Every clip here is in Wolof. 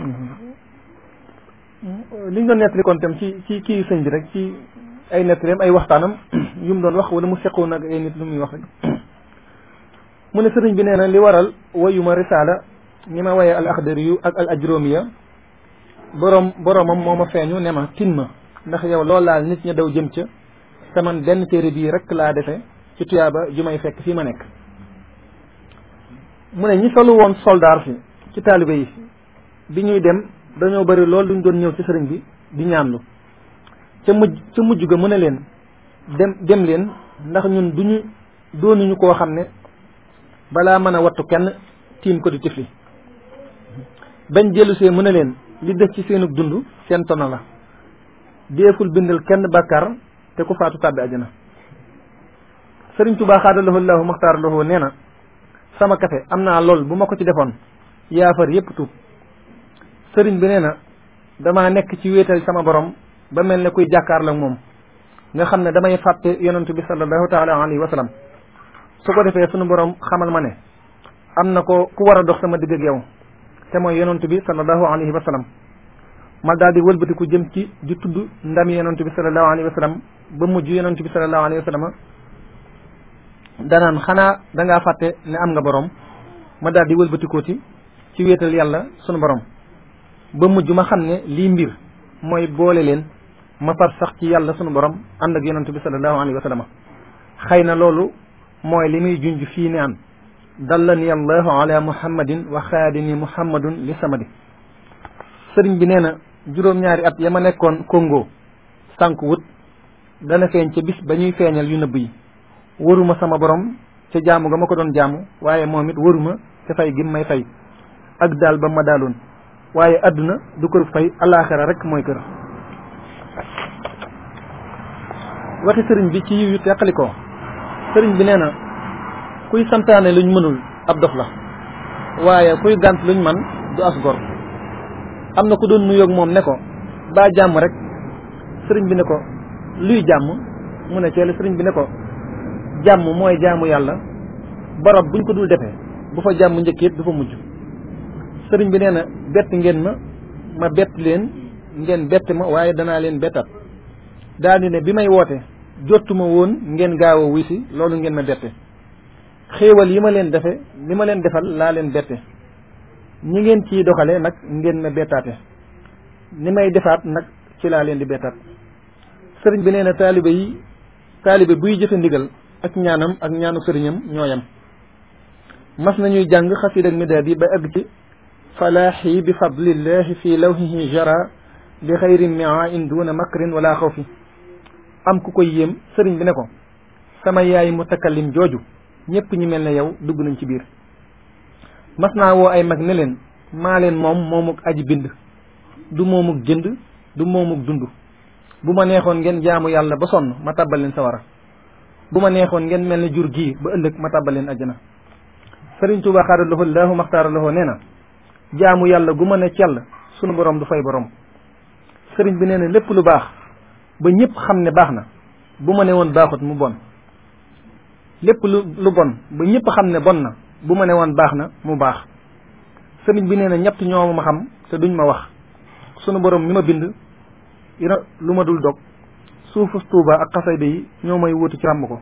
Mm-hmm. li ñu doon nettali kon tam ci ci kii sëñ bi rek ci ay nettaleem ay waxtaanam yu mu doon wax wala mu seqoon ak ay nit lu muy wax rek mu ne sëriñ bi nee li waral wayuma risaala ni ma waye al axdari yu ak al ajromiya borom boromam moo ma feeñu ne ma tin ma ndax yow loolu laal nit ña daw jëm ca te man benn téere bii rek laa defe ci tuyaaba ju may fekk fii ma nekk mu ne ñi solu woon soldaar fi ci taalibe yi bi ñuy dem dañoo bari lool duñ doon ñëw ci sëriñ bi di ñaanlu ca mujj ca mujj ga mu ne leen dem dem leen ndax ñun duñu doonuñu koo xam ne balaa mën a wattu kenn tiim ko di tifli bañ dellusee mu ne leen li def ci seenug dund seen tono la deeful bindal kenn bàkkaar te ku faatu tàbbi ajana sëriñ tubaa xaadalahu lahu maxtaar lahu nee na sama kafe am naa lool bu ma ko ci defoon yaafar yépp tuub sëriñ bi nee na damaa nekk ci wéetal sama borom ba mel ne kuy jàkkaarloo ak moom nga xam ne damay fàtte yonentu bi sallallahu taala alayhi wa sallam su ko defee suñu borom xamal ma ne am na ko ku war a dox sama digg ak yow te mooy yonentu bi sallallahu alayhi wa sallam ma daal di wëlbatiku jëm ci di tudd ndami yonentu bi sallallahu alayhi wa sallam ba mujj yonentu bi sallallahu alayhi wa sallam danaan xanaa dangaa fàtte ne am nga boroom ma daal di wëlbatikooti ci wéetal yàlla sunu boroom ba mujj ma xam ne lii mbir mooy boole leen ma far sax ci yàlla sunu borom ànd ak yonent bi sallallahu alayhi wa sallam xëy na loolu mooy li muy junj fii ne an dallani allahu ala muhammadin wa xaadini muhammadun li samadi sëriñ bi nee na juróom-ñaari at ya ma nekkoon Congo sànq wut dana feeñ ca bis ba ñuy feeñal yu nëbb yi waruma sama borom ca jaamu nga ma ko doon jaamu waaye moom it waruma ca fay gim may fay ak daal ba ma daaloon waaye àdduna du kër fay alaaxira rek mooy kër waxi sëriñ bi ci yiw yu teqalikoo sëriñ bi nee na kuy santaane luñ mënul ab dof la waaye kuy gànt luñ man du as gor am na ku doon nuyoog moom ne ko baa jàmm rek sëriñ bi ne ko luy jàmm mu ne ceele sëriñ bi ne ko jàmm mooy jaamu yàlla barab buñ ko dul defee bu fa jàmm njëkk du fa mujj sëriñ bi nee na bett ngeen ma ma bett leen ngeen bett ma waaye danaa leen bettat daal di ne bi may woote jotuma woon ngeen gaawa a wuy si loolu ngeen ma bette xéewal yi ma leen defe li ma leen defal laa leen bette ñi ngeen ciy doxale nag ngeen ma bettaate ni may defaat nag ci laa leen di bettaat sëriñ bi nee taaliba yi taalibe buy jëfe ndigal ak ñaanam ak ñaanu sëriñam ñooyam mas nañuy jàng xasiid ak midaad yi ba àgg ci falaaxi bi fadlillahi fi lawhihi jara bi xayri miain duna makrin wala xawfi am ku koy yéem sëriñ bi ne ko sama yaay mutakallim jooju ñépp ñi mel ne yow dugg nañ ci biir mas naa woo ay mag ne leen maa leen moom moomuk aji bind du moomuk jënd du moomuk dund bu ma neexoon ngeen jaamu yàlla ba sonn ma tàbbal leen wara bu ma neexoon ngeen mel ne jur gii ba ëllëg ma tàbbal leen ajjana sëriñ Tuuba xaaralahoo laahu maxtaaralahoo nee na jaamu yàlla gu mën a cell sunu borom du fay borom sëriñ bi nee na lépp lu baax ba ñëpp xam ne baax na bu ma ne woon baaxut mu bon lépp lu lu ñëpp xam ne bon na bu ma woon baax na mu baax sëriñ bi nee na ñett ñoo ma xam te duñ ma wax sunu borom mi ma bind ina lu ma dul dog suufus tuuba ak xasayda bi ñoo may wuti ci ràmm ko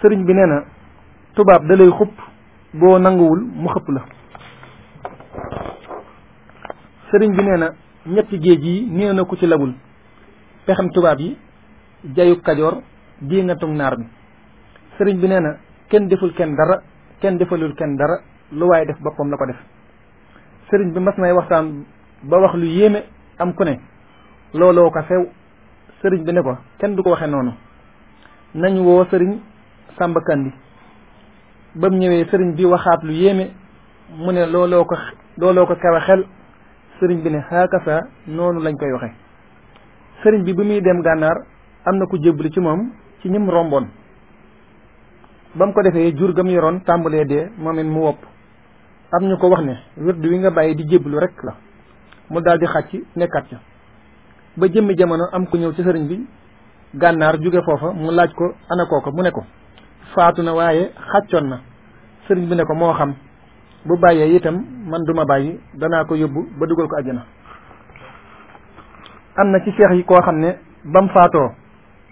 sëriñ bi nee na tubaab da lay xupp boo nanguwul mu xëpp la sëriñ bi nee na ñetti géej yi nee na ku ci labul pexem tubaab yi jayu kajoor dii nga tug naar bi sëriñ bi nee na kenn deful kenn dara kenn defalul kenn dara lu waaye def boppam la ko def sëriñ bi mas nay waxtaan ba wax lu yéeme am ku ne looloo ko feew sëriñ bi ne ko kenn du ko waxe noonu nañ woo sëriñ Sàmba Kandi ba ñëwee sëriñ bi waxaat lu yéeme mu ne looloo ko looloo ko kawe xel sëriñ bi ne xaakasa noonu lañ koy waxe sëriñ bi bi muy dem gànnaar am na ku jébbalu ci moom ci ñim romboon ba mu ko defee jur ga mu yoroon tàmbalee dee moom it mu wopp am ñu ko wax ne wird wi nga bàyyi di jébbalu rek la mu daal di xàcc nekkaat ca ba jëmmi jamono am ku ñëw ci sëriñ bi gànnaar jóge foofa mu laaj ko ana ko mu ne ko faatu na waaye xàccoon na sëriñ bi ne ko moo xam bu bàyyee itam man duma bàyyi dana ko yóbbu ba dugal ko àjjana am na ci seex yi koo xam ne bam faatoo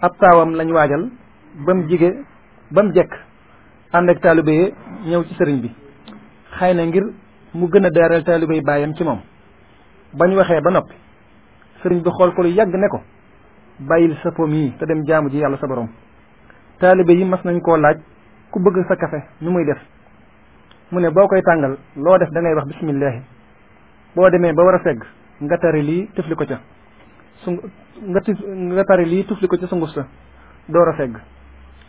ab taawam lañ waajal bam jige bam jekk ànd ak taalibe ñëw ci sëriñ bi xëy na ngir mu gën a daaral taalibe yi bàyyam ci moom bañ waxee ba noppi sëriñ bi xool ko lu yàgg ne ko bàyyil sa pom yi te dem jaamu ji yàlla sa boroom taalibe yi mas nañ koo laaj ku bëgg sa kafe nu muy def mu ne boo koy tàngal loo def da ngay wax bisimillahi boo demee ba war a segg nga tari lii tufli ko ca su nga lii tufli ko ca sunguf sa door a segg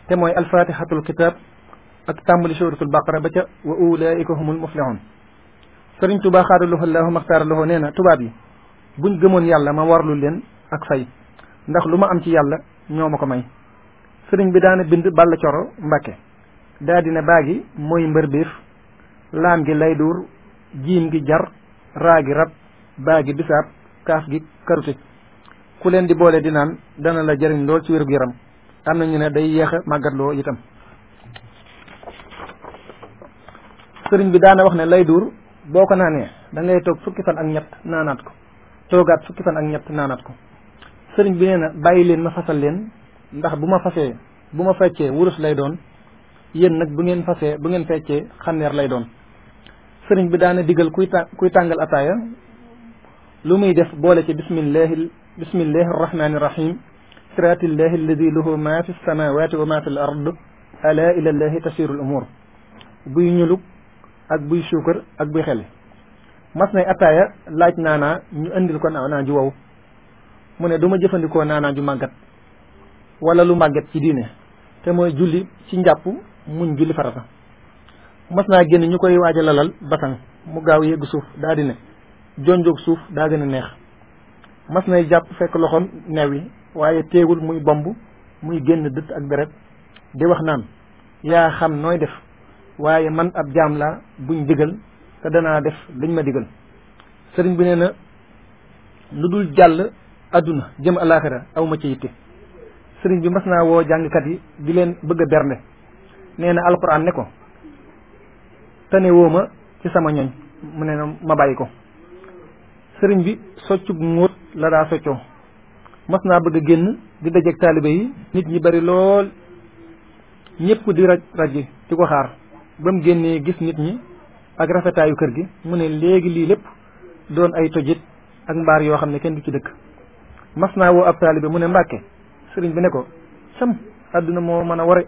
te mooy alfatihatul kitab ak tàmbali suratul baqara ba ca wa ulaika humul muflihun sëriñ tubaa xaadaluhu lahu maxtaaraluhu nee na tubaab yi buñ gëmoon yàlla ma warlu leen ak fay ndax lu ma am ci yàlla ñoo ma ko may sëriñ bi daana bind balla coro mbàkke daa dina baagi mooy mbër biif laam gi lay duur jiim gi jar raa gi rab baa gi bisaab kaaf gi karute ku leen di boole di naan dana la jëriñ lool ci wérgu yaram am na ñu ne day yéex a màggatloo itam sëriñ bi daana wax ne lay duur boo ko naanee da toog fukki fan ak ñett naanaat ko toogaat fukki fan ak ñett naanaat ko sëriñ bi nee na bàyyi leen ma fasal leen ndax bu ma fasee bu ma feccee wurus lay doon yéen nag bu ngeen fasee bu ngeen feccee xànneer lay doon sëriñ bi daana digal kuy kuy tàngal ataaya lu muy def boole ci bismillahi bismillahi arrahmani irrahim siratillahi alladi lahu ma fi samawati wa ma fi ard ala ila llahi umur buy ñulug ak buy suukar ak buy xel mas nay ataaya laaj naanaa ñu indil ko naa ju wow mu ne duma jëfandikoo naanaa ju màggat wala lu màggat ci diine te mooy julli ci njàpp muñ julli farata mas naa génn ñu koy waaj a lalal basan mu gaaw yegg suuf daa ne jonjoog suuf daa gën a neex mas nay jàpp fekk loxoom new yi waaye teegul muy bomb muy génn dëtt ak deret di wax naan yaa xam nooy def waaye man ab jaam laa buñ digal te danaa def liñ ma digal sëriñ bi nee na lu dul jàll àdduna jëm alaaxira aw ma ci yitte sëriñ bi mas naa woo jàngkat yi di leen bëgg a bernde nee na alquran ne ko tane woo ma ci sama ñoñ mu ne na ma bàyyi ko sëriñ bi soccub ngóot la daa soccoo mas naa bëgg a génn di dajeeg taalibe yi nit ñi bari lool ñépp di raj raji di ko xaar ba mu génnee gis nit ñi ak rafetaayu kër gi mu ne léegi lii lépp doon ay tojit ak mbaar yoo xam ne kenn di ci dëkk mas naa woo ab taalibe mu ne mbàkke sëriñ bi ne ko sam àdduna moo mën a ware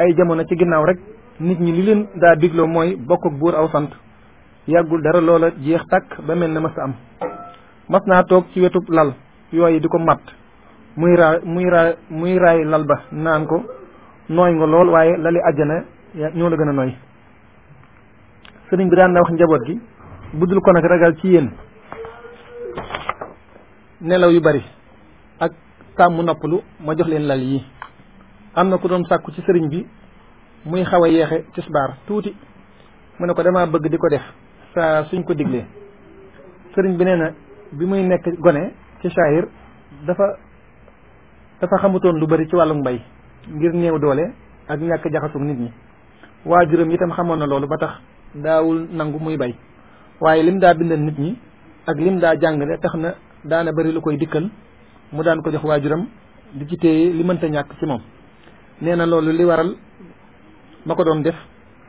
ay jamono ci ginnaaw rek nit ñi li leen daa digloo mooy bokk ak buur aw sant yàggul dara loola jeex tàkk ba mel na mas a am mas naa toog ci wetu lal yooyu di ko matt muy raa muy raay lal ba naan ko nooy nga lool waaye lali àjjana ñoo la gën a nooy sëriñ bi daan wax njaboot gi budul ko nag ragal ci yéen nelaw yu bari ak tàmm noppalu ma jox leen lal yi am na ku doon sàkku ci sëriñ bi muy xaw a yeexe tisbaar tuuti mu ne ko damaa bëgg di ko def saa suñ ko diglee sëriñ bi nee na bi muy nekk gone ci saahir dafa dafa xamutoon lu bari ci wàllum mbay ngir néew doole ak ñàkk jaxasug nit ñi waajuram itam xamoon na loolu ba tax daawul nangu muy bay waaye lim daa bindal nit ñi ak lim daa jàngale tax na daana bari lu koy dikkal mu daan ko jox waajuram di ci téye li mënta ñàkk ci moom nee na loolu li waral ma ko doon def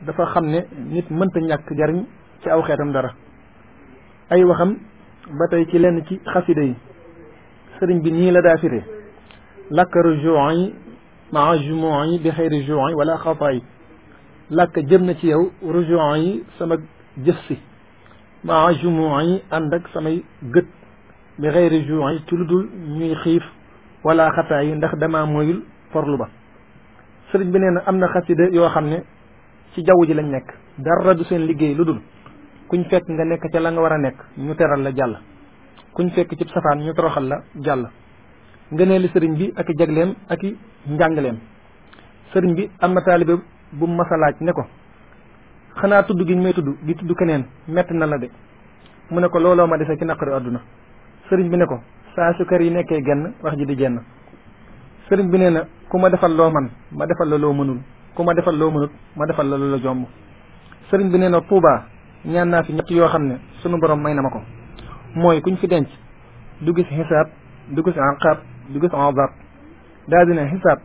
dafa xam ne nit mënta ñàkk jariñ ci aw xeetam dara ay waxam ba tey ci lenn ci xasida yi sëriñ bi nii la daa firee làkk rujuu yi maa jumuu yi bi xeyri juu yi wala xataa yi làkk jëm na ci yow rujuu yi sama jëf si maa jumuu yi ànd ak samay gët bi xeyri juu yi ci lu dul ñuy xiif wala xataa yi ndax dama moyul forlu ba sëriñ bi nee na am na xasida yoo xam ne ci jaww ji lañ nekk dara du seen liggéey lu dul ku kuñ fekk nga nekk ca la nga war a nekk ñu teral la jàll kuñ fekk ci safaan ñu toroxal la jàll nga nee li sëriñ bi ak i jagleem ak i njàngaleem sëriñ bi am na taalibe bu masalaaj ne ko xanaa tudd gi ñu may tudd di tudd keneen metti na la de mu ne ko looloo ma dese ci naqari àdduna sëriñ bi ne ko saa su kër yi nekkee genn wax ji di jenn sëriñ bi nee na ku ma defal loo man ma defal la loo mënul ku ma defal loo mënut ma defal la loo jomb sëriñ bi nee na Touba ñaan naa fi yoo xam ne sunu borom may na ma mooy kuñ fi denc du gis xisaab du gis anqaab du gis daal dina xisaab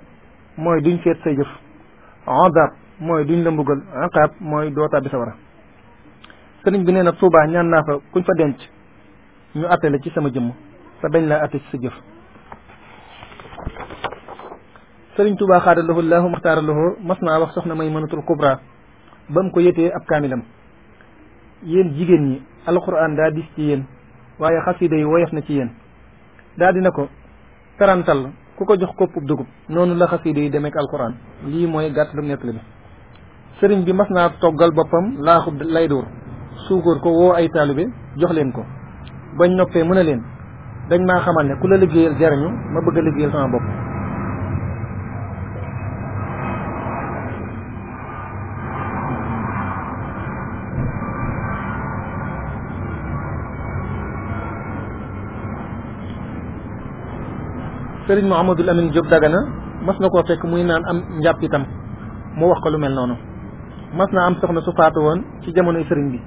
mooy duñ feet say jëf azab mooy duñ la mbugal anqaab mooy doo tàbbi sa bi nee na Touba ñaan naa fa kuñ fa denc ñu atte la ci sama jëmm sa bañ laa atte ci sa jëf sëriñ Tuubaa xaadalahu laahu maxtaaralahu mas naa wax soxna may mënatul kubra ba mu ko yëtee ab kaamilam yéen jigéen ñi alquran daa dis ci yéen waaye xasida yi na ci yéen daa dina ko tarantal ku ko jox koppub dugub noonu la xasida yi demeek alquran lii mooy gàtt lu nettali bi sëriñ bi mas naa toggal boppam laaxub lay dóor suukóor ko woo ay taalibe jox leen ko bañ noppee mën a leen dañ maa xamal ne ku la liggéeyal jariñu ma bëgg a liggéeyal sama bopp sëriñ Serigne Mouhamadul Amine Diop Dagana mas na koo fekk muy naan am njàpp itam mu wax ko lu mel noonu mas naa am soxna su faatu woon ci jamonoy sëriñ bi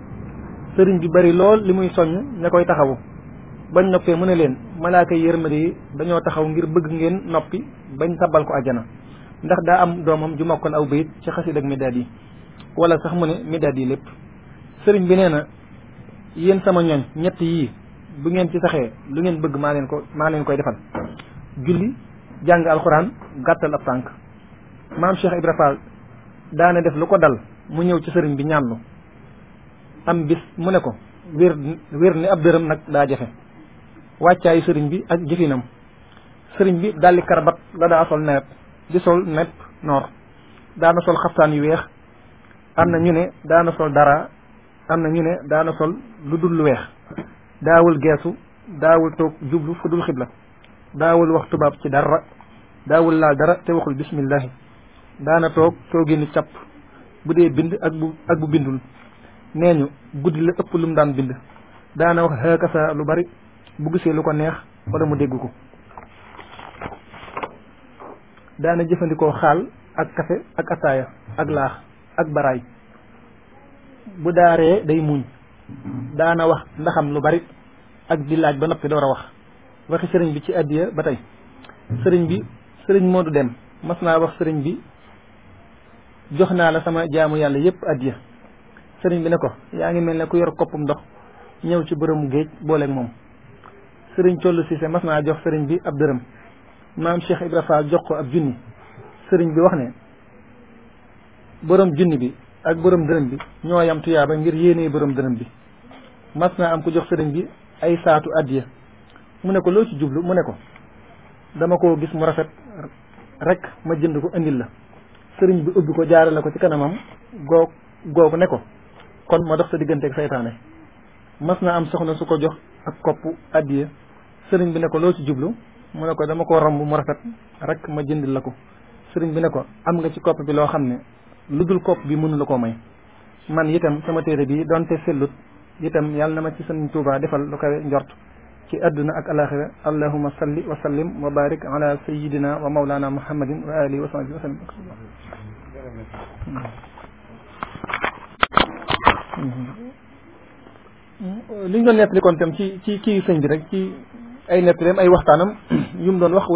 sëriñ bi bari lool li muy soññ ne koy taxawu bañ noppee mu ne leen malaaka yërmande yi dañoo taxaw ngir bëgg ngeen noppi bañ sabbal ko ajjana ndax daa am doomam ju mokkoon aw bayit ci xasid ak midaad yi wala sax mu ne midaad yi lépp sëriñ bi nee na yéen sama ñooñ ñett yii bu ngeen ci saxee lu ngeen bëgg maa leen ko maa leen koy defal julli jàng alxuraan gàttal ab tànk maam Cheikh Ibra Fall def lu ko dal mu ñëw ci sëriñ bi ñaanlu am bis mu ne ko wér wér ni ab dërëm nag daa jafe wàccaayu sëriñ bi ak jëfinam sëriñ bi dalli karabat la daa sol nawet di sol nepp noor daana sol xaftaan yu weex am na ñu ne daana sol dara am na ñu ne daana sol lu dul lu weex daawul geesu daawul toog jublu fu dul xibla daawul wax tubaab ci dara daawul laal dara te waxul bismillah daana toog tooginu càpp bu dee bind ak bu ak bu bindul nee ñu guddi la ëpp lu mu daan bind daana wax xaakasa lu bari bu gisee lu ko neex wala mu dégg ko daana jëfandikoo xaal ak kafe ak ataaya ak laax ak baraay bu daaree day muuñ daana wax ndaxam lu bari ak di laaj ba noppi door a wax waxi sëriñ bi ci addiya ba tey sëriñ bi sëriñ Modou Dem mas naa wax sëriñ bi jox naa la sama jaamu yàlla yépp addiya sëriñ bi ne ko yaa ngi mel ni ku yor koppum ndox ñëw ci bërëm géej booleeg moom sëriñ Collu Cissé mas naa jox sëriñ bi ab dërëm maam Cheikh Ibra jox ko ab junni sëriñ bi wax ne borom junni bi ak borom dërëm bi ñoo yam tuyaaba ngir yéenee borom dërëm bi mas naa am ku jox sëriñ bi ay saatu addiya mu ne ko loo ci jublu mu ne ko dama ko gis mu rafet rek ma jënd ko indil la sëriñ bi ubbi ko jaare la ko ci kanamam goog googu ne ko kon ma dox sa digganteeg seytaane mas naa am soxna su ko jox ak kopp addiye sëriñ bi ne ko loo ci jublu mu ne ko dama koo romb mu rafet rek ma jëndil la ko sëriñ bi ne ko am nga ci kopp bi loo xam ne lu dul kopp bi mënu la koo may man itam sama téere bi donte sellut itam yàlla na ma ci sëriñ Tuubaa defal lu kawe njort ci àdduna ak alaxira allahuma salli wa sallim wa barik ala sayidina wa maulana muhammadin wa alihi wa sahbihi wa sallam li ñu doon nettali kon tam ci ci kii sëñ bi rek ci ay nettaleem ay waxtaanam yu mu doon wax